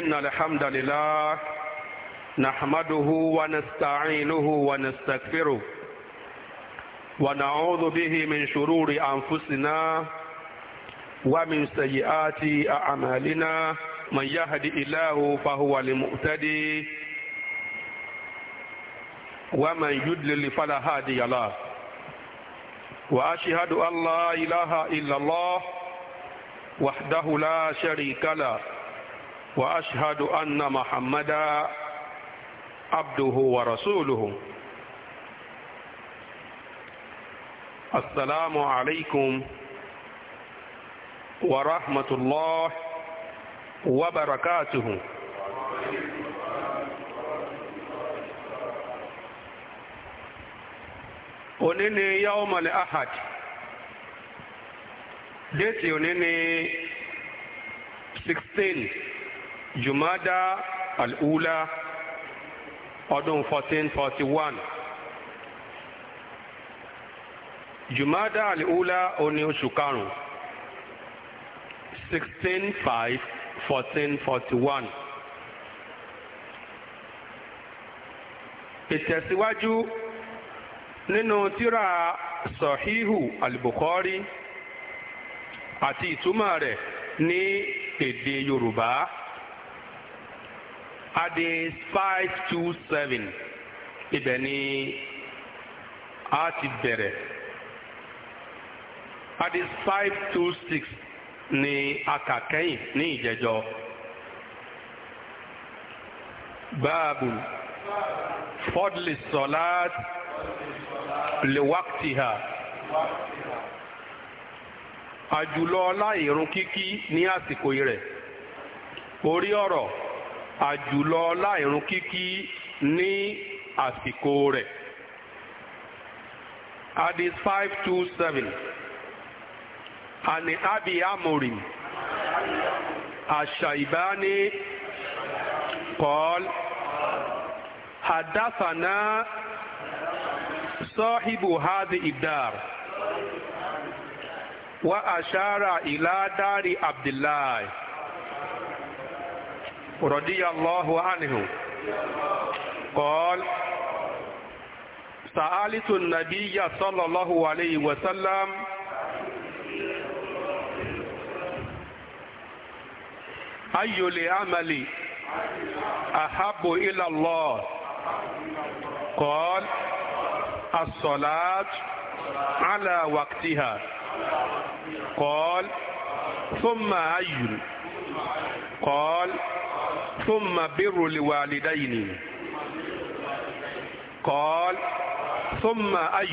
إن الحمد لله نحمده ونستعينه ونستغفره ونعوذ به من شرور أنفسنا ومن سيئات أعمالنا من يهد الله فهو المؤتدي ومن يدلل فلا هادي له وأشهد أن لا إله إلا الله وحده لا شريك له وأشهد أن محمدا عبده ورسوله السلام عليكم ورحمة الله وبركاته onini يوم الاحد ahad déètì 16 jumada al-ula ọdún fourteen jumada al-ula oní oṣù karùn-ún sixteen five fourteen forty one ìtẹ̀síwájú nínú tírà sọ̀híhù al-bukhari àti ìtumọ̀ rẹ̀ ní èdè yorùbá hadith five two seven ibẹ̀ ni a ti bẹ̀rẹ̀ hadith five two six ni a kà kẹ́yìn ní ìjẹjọ́ báàbù fọ́dùlì sọ̀láàt lèwákìtìhà àjùlọ ọlá ìrun kíkí ní àsìkò rẹ̀ orí ọ̀rọ̀ àjùlọ láìrun kíkí ní àsìkò rẹ̀ hadith five two seven ani abi amorim ashaibani qol hadathana sahibu hadhihi dar wa ashara ila dari abdullah رضي الله عنه قال سألت النبي صلى الله عليه وسلم أي العمل أحب إلى الله قال الصلاة على وقتها قال ثم أي قال ثم بر لوالدين قال ثم أي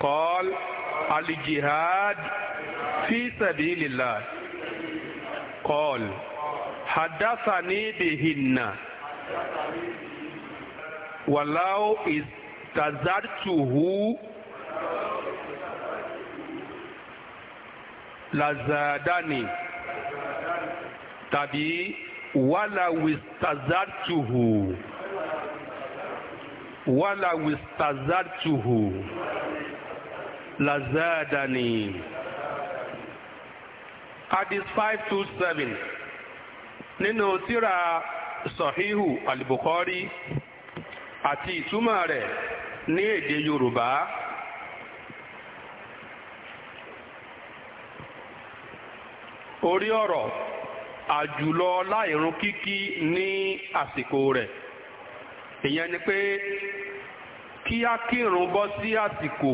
قال الجهاد في سبيل الله قال حدثني بهن ولو استزرته لزادني tàbí wala wistazartuhu wala wistazartuhu lazadani hadith five two seven nínú tírà sahihu al-Bukhari àti ìtumọ̀ rẹ̀ ní èdè Yorùbá. orí ọ̀rọ̀ àjùlọ láìrun kíkí ní àsìkò rẹ̀ ìyẹn ni pé kí á kírun bọ́ sí àsìkò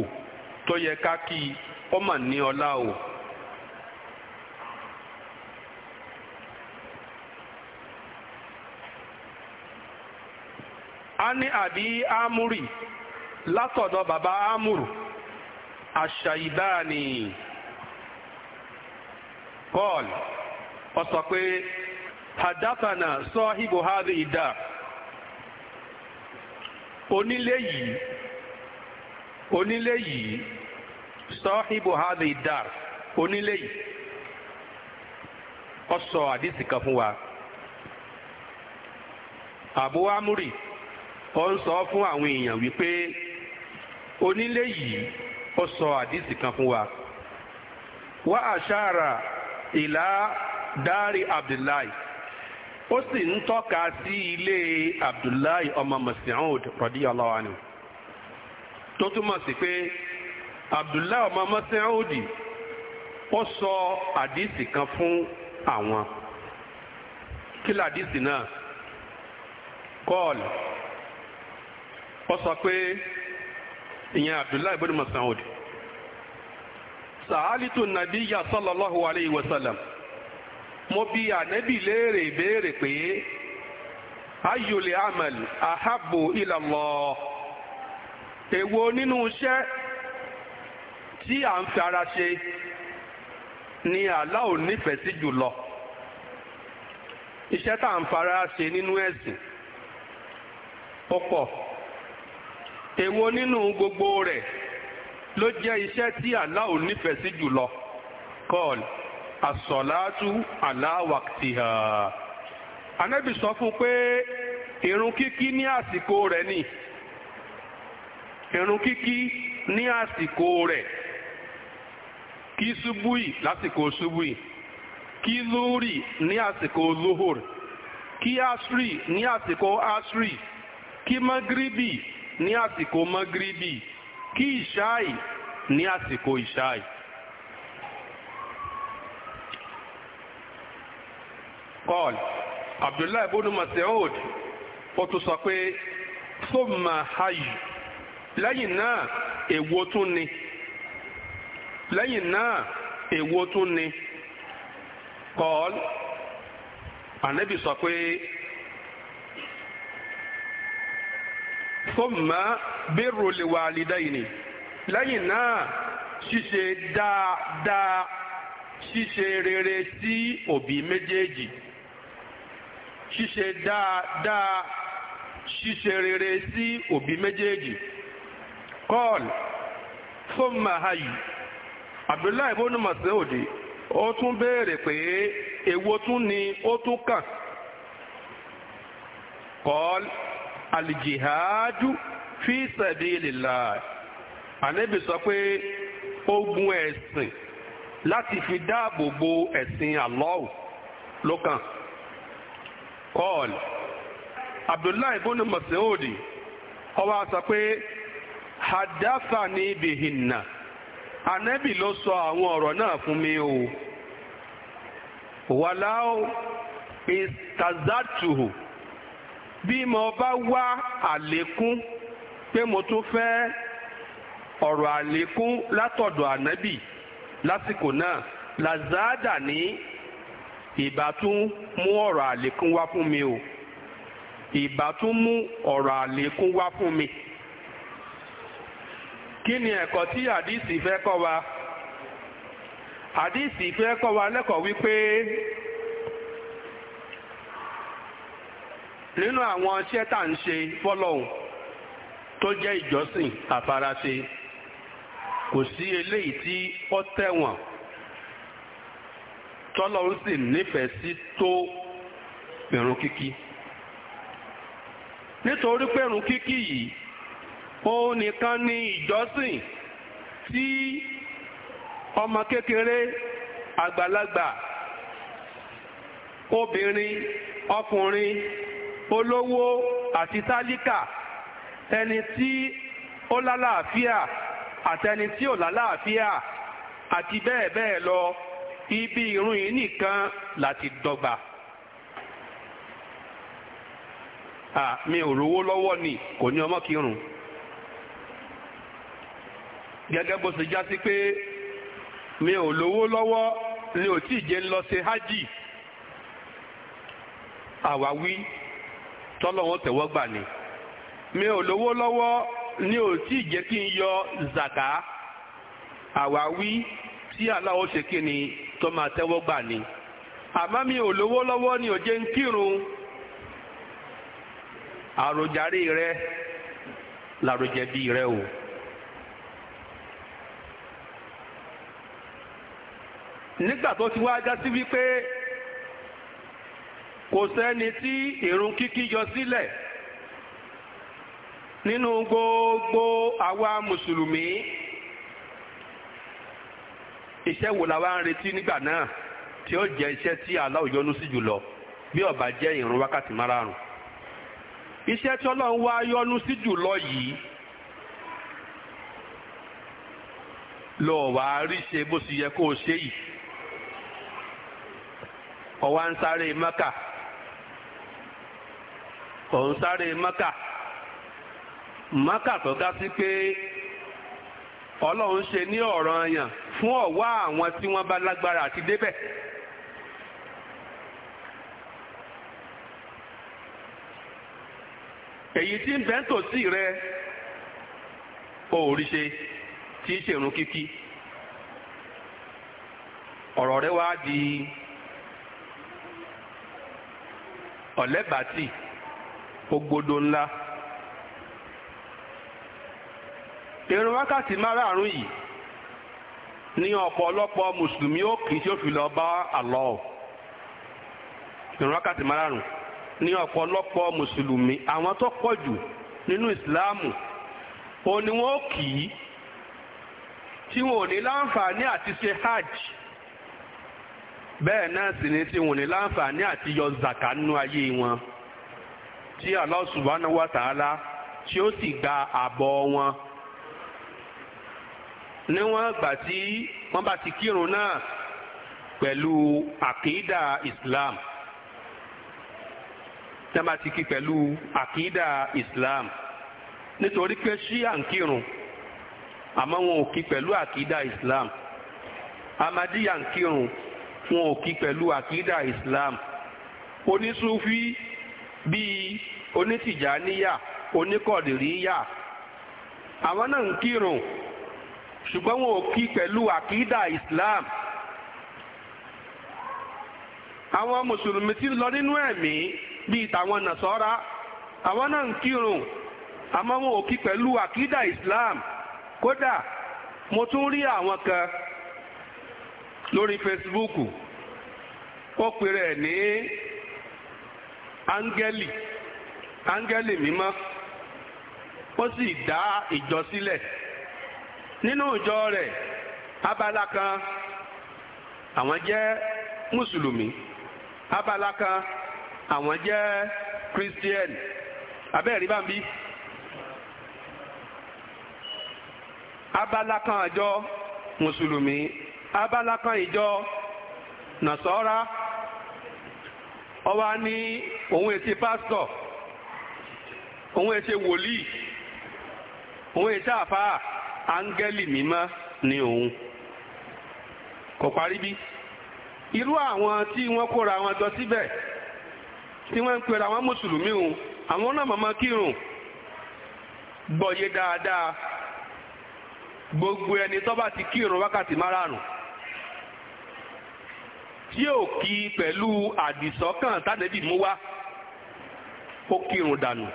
tó yẹ ká kí ó mà ní ọlá o. a ní àbí amúrì látọ̀dọ̀ bàbá amúrù àṣà ìbáà ni paul. Ọsọ ó sọ pé hadathana sọ́híbù hádì ìdá onílé yìí onílé yìí ha hádì ìdá onílé yìí ó sọ àdìsí kan fún wa àbú amúrì ọ ń sọ fún àwọn èèyàn wípé onílé yìí ó sọ àdìsí kan fún wa wá àṣàrà ìlà. dari abdullahi ó sì ń tọ́ka sí ilé abdullahi ọmọ mas'ud radiyallahu anhu tó túmọ̀ sí pé abdullahi ọmọ mas'ud ó sọ àdìsí kan fún àwọn kí làdìsí náà kọ́ọ̀lù ó sọ pé ìyẹn abdullahi ibn mas'ud sàálìtò nàbíyà sallallahu alayhi wa mo bi ànẹ́bì léèrè ìbéèrè pé ayòlè amal ahabu ilallah èwo nínú iṣẹ́ tí à ń fi ara ṣe ni ala ò nífẹ̀ẹ́ sí jùlọ iṣẹ́ tá à ń fara ṣe nínú ẹ̀sìn ó pọ̀ èwo nínú gbogbo rẹ̀ ló jẹ́ iṣẹ́ tí ala ò nífẹ̀ẹ́ sí jùlọ kọ́ọ̀lù. àsọ̀látú aláwàkìtìhà anábì sọ fún pé irun kíkí ní àsìkò rẹ̀ ni irun kíkí ní àsìkò rẹ̀ kí ṣubúì lásìkò ṣubúì kí lóòrì ní àsìkò lóhùr kí asri ní àsìkò asri kí magribi ní àsìkò magribi kí ìṣáì ní àsìkò ìṣáì. kọ́ọ̀l abdullahi ibn Mas'ud ó tún sọ pé fóònù hayi lẹ́yìn náà èwo tún ni lẹ́yìn náà sọ pé lè wà lídẹ́yìn lẹ́yìn náà ṣíṣe dáadáa ṣíṣe rere sí òbí méjèèjì. ṣíṣe dáadáa ṣíṣe rere sí òbí méjèèjì Kol fún abdullahi bonu masoudi ó tún béèrè pé èwo tún ni ó tún kàn kọ́ọ̀lù alìjìháájú fi sabilillah ànábì sọ pé ogun esin láti fi dáàbò bo ẹ̀sìn Allah ló kọ́ọ̀l abdullahi bónú masoodi ọwọ́ àṣà pé hadafa ní ibihinna anabi ló sọ àwọn ọ̀rọ̀ náà fún mi o wàláwò istazatuhu bí mo bá wá àlékún pé mo tún fẹ ọ̀rọ̀ àlékún látọ̀dọ̀ anabi lásìkò náà lazada ní. ìbá tún mú ọ̀rọ̀ àlékún wá fún mi o ìbá tún mú ọ̀rọ̀ àlékún wá fún mi. kí ni ẹ̀kọ́ tí àdìsí fẹ́ kọ́ wa àdìsí fẹ́ kọ́ wa lẹ́kọ̀ọ́ wípé nínú àwọn iṣẹ́ tá à ń ṣe fọ́lọ́hùn tó jẹ́ ìjọsìn àfaraṣe kò sí eléyìí tí ó tẹ̀wọ̀n tọ́lọ́run sì nífẹ̀ẹ́ sí tó ìrun kíkí nítorí pé ìrun kíkí yìí ó nìkan ní ìjọsìn tí ọmọ kékeré àgbàlagbà obìnrin ọkùnrin olówó àti tálíkà ẹni tí ó lálàáfíà àtẹni tí ò lálàáfíà àti bẹ́ẹ̀ bẹ́ẹ̀ lọ ibi irun yìí nìkan láti dọ́gba. à mi ò rówó lọ́wọ́ ni kò ní ọmọ kírun. gẹ́gẹ́ bó ṣe já sí pé mi ò lówó lọ́wọ́ ni ò tí ì jẹ́ lọ ṣe hájì. àwáwí tọ́lọ́wọ́n tẹ̀wọ́ gbà ni mi ò lówó lọ́wọ́ ni ò tí ì jẹ́ kí n yọ zàká àwáwí tí aláwọ̀ ṣe kí ni tó máa tẹ́wọ́ gbà ni àmọ́ mi ò lówó lọ́wọ́ ni ò jẹ́ ń kírun àròjàre rẹ làròjẹ̀bi rẹ o. nígbà tó ti wá já sí wípé kò sẹ́ni tí ìrun kíkí yọ sílẹ̀ nínú gbogbo àwa mùsùlùmí. iṣẹ́ wo la wá ń retí nígbà náà tí ó jẹ́ iṣẹ́ tí Allah yọ́nú sí jùlọ bí ó bá jẹ́ ìrun wákàtí márààrún iṣẹ́ tí Ọlọ́run wá yọ́nú sí jùlọ yìí lọ wà á rí ṣe bó sì yẹ kó o ṣe yìí ọwá ń sáré mọ́kà ọ̀hún sáré mọ́kà mọ́kà tó dá sí pé Ọlọ́run ṣe ní ọ̀ranyàn fún ọ̀wá àwọn tí wọ́n bá lágbára àti débẹ̀. èyí tí ń bẹ ń tòsí rẹ òòrì ṣe tí ń ṣèrun kíkí ọ̀rọ̀ rẹ wá di ọ̀lẹ́bàtì ogbodo ńlá. èrò wákàtí márààrún yìí ní ọ̀pọ̀lọpọ̀ mùsùlùmí ó kì í tí ó fi lọ bá àlọ́ ò ìrun wákàtí márùn ní ọ̀pọ̀lọpọ̀ mùsùlùmí àwọn tó pọ̀ jù nínú ìsìláàmù ò ní wọ́n kì í tí wọn ò ní láǹfààní àti ṣe hajj bẹ́ẹ̀ náà sì ni tí wọn ò ní láǹfààní àti yọ zàkà nínú ayé wọn tí Allah subhanahu wa ta'ala tí ó sì gba àbọ̀ wọn níwọ̀n ìgbà tí wọ́n bá ti kírun náà pẹ̀lú àkídà Islam wọ́n bá ti kí pẹ̀lú àkídà Islam nítorí pé ṣíà ń kírun àmọ́ wọn ò kí pẹ̀lú àkídà Islam amadiya ń kírun wọn ò kí pẹ̀lú àkídà Islam onísúfí bíi onítìjàníyà oníkọ̀dìríyà àwọn náà ń kírun ṣùgbọ́n wọn ò kí pẹ̀lú àkídà Islam àwọn mùsùlùmí ti lọ nínú ẹ̀mí bíi tàwọn nàṣọ́ra àwọn náà ń kírun àmọ́ wọn ò kí pẹ̀lú àkídà Islam kódà mo tún rí àwọn kan lórí Facebook ó pèrè ní áńgẹ́lì áńgẹ́lì mímọ́ ó sì dá ìjọ sílẹ̀. nínú ìjọ rẹ̀ abala kan àwọn jẹ́ mùsùlùmí abala kan àwọn jẹ́ kírísítíẹ̀nì abẹ́ẹ̀rí bá ń bí. abala kan àjọ mùsùlùmí abala kan ìjọ nàṣọ́ra ọba ní òun èsì pásítọ̀ òun èsì wòlíì òun èsì àfáà áńgẹ́lì mímọ́ ni òun kò parí bí irú àwọn tí wọ́n kóra wọn jọ síbẹ̀ tí wọ́n ń pera wọn mùsùlùmí òun àwọn náà mọ̀mọ́ kírun gbọ́yé dáadáa gbogbo ẹni tó bá ti kírun wákàtí márààrún tí ò kí pẹ̀lú àdìsọ́kàn tádébì mú wá ó kírun dànù.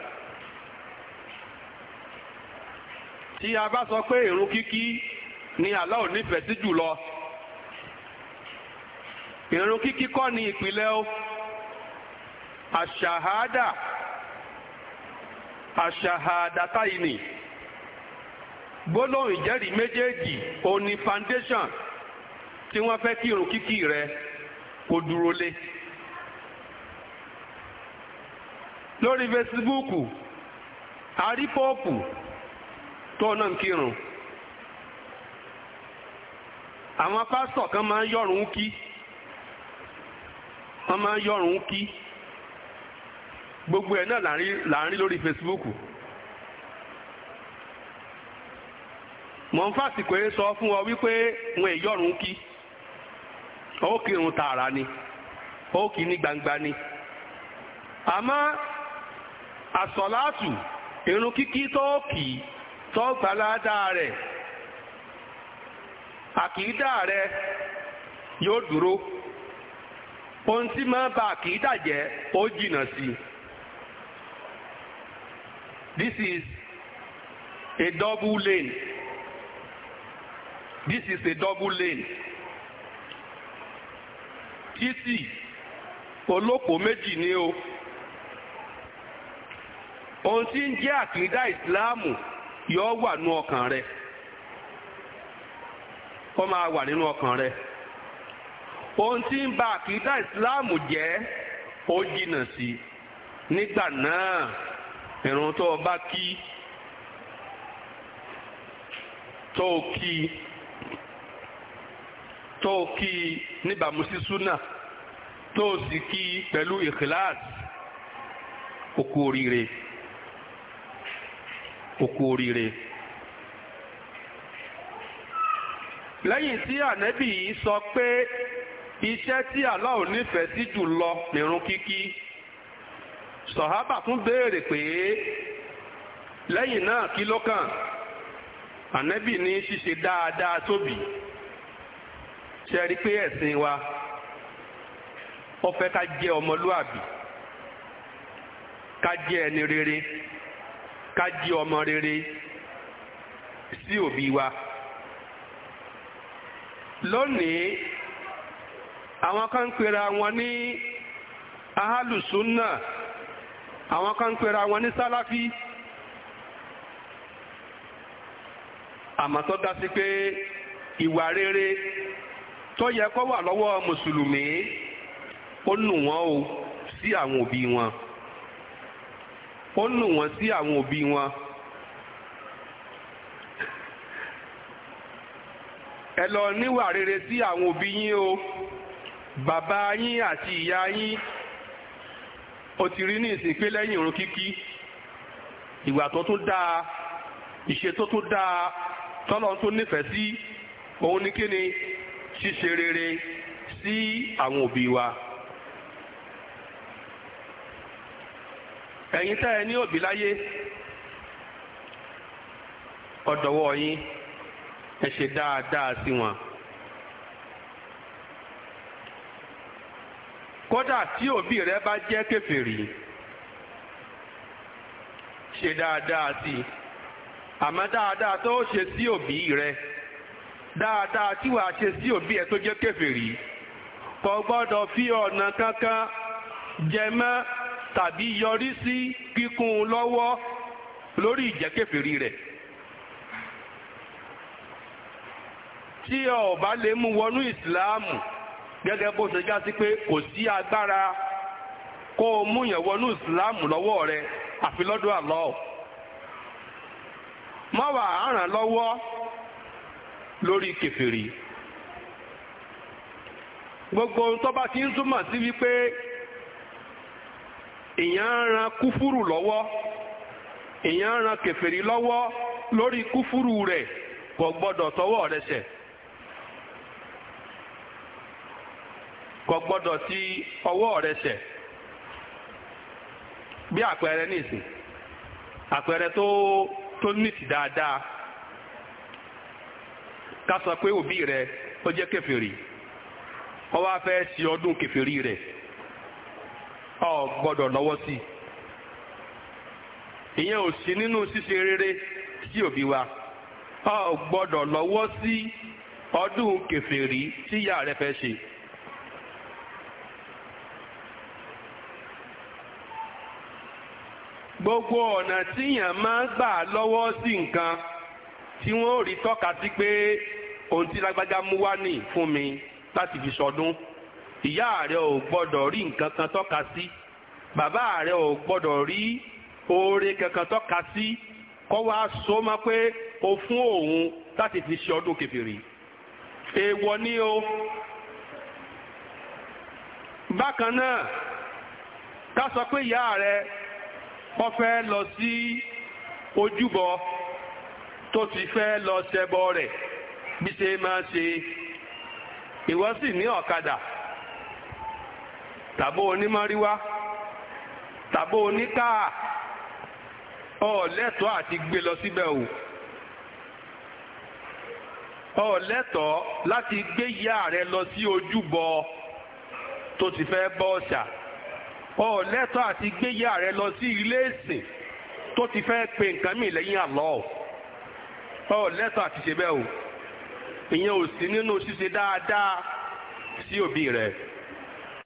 tí a bá sọ pé ìrun kíkí ni Allah ò nífẹ̀ẹ́ sí jùlọ ìrun kíkí kọ́ ni ìpìlẹ̀ o àṣàhádà àṣàhádàtà yìí ni gbólóhùn ìjẹ́rìí méjèèjì òun foundation tí wọ́n fẹ́ kí ìrun kíkí rẹ kó dúró lé lórí fesibúùkù àrí tọ náà ń kírun àwọn pásítọ̀ kan máa ń yọ̀rùn kí wọ́n máa ń yọ̀rùn kí gbogbo ẹ̀ náà là ń lórí Facebook mọ̀ sọ fún ọ wípé wọn èyọ̀rùn kí ó kírun tààrà ni ó kì í gbangba ni àmọ́ àsọ̀láàtù irun kíkí tó kì tó gbalada rẹ̀ àkìdá rẹ̀ yóò dúró ohun tí máa ba akida jẹ́ ó jìnnà sí i this is a double lane this is a double lane títì olóko méjì ni o ohun tí ń jẹ́ àkìdá ìsìláàmù. yóò wà nú ọkàn rẹ kó máa wà nínú ọkàn rẹ ohun tí ń ba àkìdá ìsìláàmù jẹ́ ó jìnnà sí nígbà náà ìrun tó o bá kí tó o kí tó o kí níbàámu sí súnà tó o sì kí pẹ̀lú ìkìláàsì ó oríire. okú oríire. lẹ́yìn tí ànábì yìí sọ pé iṣẹ́ tí Allah nífẹ̀ẹ́ sí jù lọ nírun kíkí sọ̀hábà tún béèrè pé lẹyìn náà kí ló kàn ànábì ní ṣíṣe dáadáa tóbi ṣe rí pé ẹ̀sìn wa ó fẹ́ ká jẹ́ ọmọlúàbí ká jẹ́ ẹni rere. ká di ọmọ rere sí òbí wa lónìí àwọn kan ń pera wọn ní ahálùsúnà àwọn kan ń pera wọn ní sálàfí àmọ́ tó dá sí pé ìwà rere tó yẹ kó wà lọ́wọ́ mùsùlùmí ó nù wọ́n o sí àwọn òbí wọn. Si ó nù wọ́n sí àwọn òbí wọn. ẹ lọ níwà rere sí àwọn òbí yín o bàbá yín àti ìyá yín ó ti rí ní ìsìn pé lẹ́yìn ìrun kíkí ìwà tó tún dáa ìṣe tó tún dáa tọ́lọ́ tó nífẹ̀ẹ́ sí òun ní kíni ṣíṣe rere sí àwọn òbí wa. ẹ̀yin tẹ́ ẹ ní òbí láyé ọ̀dọ̀wọ́ yín ẹ ṣe dáadáa sí wọn. kódà tí òbí rẹ bá jẹ́ kèfèrí ṣe dáadáa sí i àmọ́ dáadáa tó ṣe sí òbí rẹ dáadáa tí wàá ṣe sí òbí ẹ tó jẹ́ kèfèrí kò gbọ́dọ̀ fi ọ̀nà kankan jẹ mọ́. tàbí yọrí sí kíkún lọ́wọ́ lórí ìjẹ́kẹ̀fẹ̀rí rẹ̀. tí o bá lè mú wọnú ìsìláàmù gẹ́gẹ́ bó ṣe já sí pé kò sí agbára kó o mú yàn wọnú ìsìláàmù lọ́wọ́ rẹ àfi lọ́dọ̀ Allah. má wà á ràn lọ́wọ́ lórí kèfèrí. gbogbo tó bá ti ń túmọ̀ sí wípé èèyàn ń ran kúfúrù lọ́wọ́ èèyàn ń ran kèfèrí lọ́wọ́ lórí kúfúrù rẹ̀ kò gbọ́dọ̀ tọwọ́ rẹ̀ sẹ̀ kò gbọ́dọ̀ ti ọwọ́ sẹ̀ bí àpẹẹrẹ nìsín àpẹẹrẹ tó tó nìtì dáadáa ká sọ pé òbí rẹ̀ ó jẹ́ wá fẹ́ ọdún ọ gbọ́dọ̀ lọ́wọ́ sí i ìyẹn ò sí nínú ṣíṣe rere sí òbí wa ọ gbọ́dọ̀ lọ́wọ́ sí ọdún kèfèrí tí ìyá rẹ fẹ́ ṣe. gbogbo ọ̀nà tíyàn máa ń gbà lọ́wọ́ sí nǹkan tí wọ́n rí tọ́ka sí pé ohun tí lágbájá mú wá nì fún mi láti fi sọdún. So ìyá ààrẹ ò gbọ́dọ̀ rí nǹkan kan tọ́ka sí bàbá rẹ ò gbọ́dọ̀ rí oore kankan tọ́ka sí kọ́ wa so mọ́ pé o fún òun láti fi ṣe ọdún kẹfìrì èèwọ̀ ni o bákan náà ká sọ pé ìyá ààrẹ wọ́n fẹ́ lọ sí ojúbọ tó ti fẹ́ lọ ṣẹbọ rẹ̀ bí ṣe máa ṣe ìwọ sì ní ọ̀kadà. tàbó onímọ̀ríwá tàbó oníkáà ọ̀ lẹ́tọ̀ọ́ àti gbé lọ síbẹ̀ o ọ̀ lẹ́tọ̀ọ́ láti gbé ìyá rẹ lọ sí ojúbọ tó ti fẹ́ bọ òòṣà ọ̀ lẹ́tọ̀ọ́ àti gbé ìyá rẹ lọ sí ilé ìsìn tó ti fẹ́ pe nǹkan mì lẹ́yìn àlọ́ ọ̀ àti ṣe bẹ́ẹ̀ o ìyẹn ò sí nínú ṣíṣe dáadáa sí òbí rẹ̀.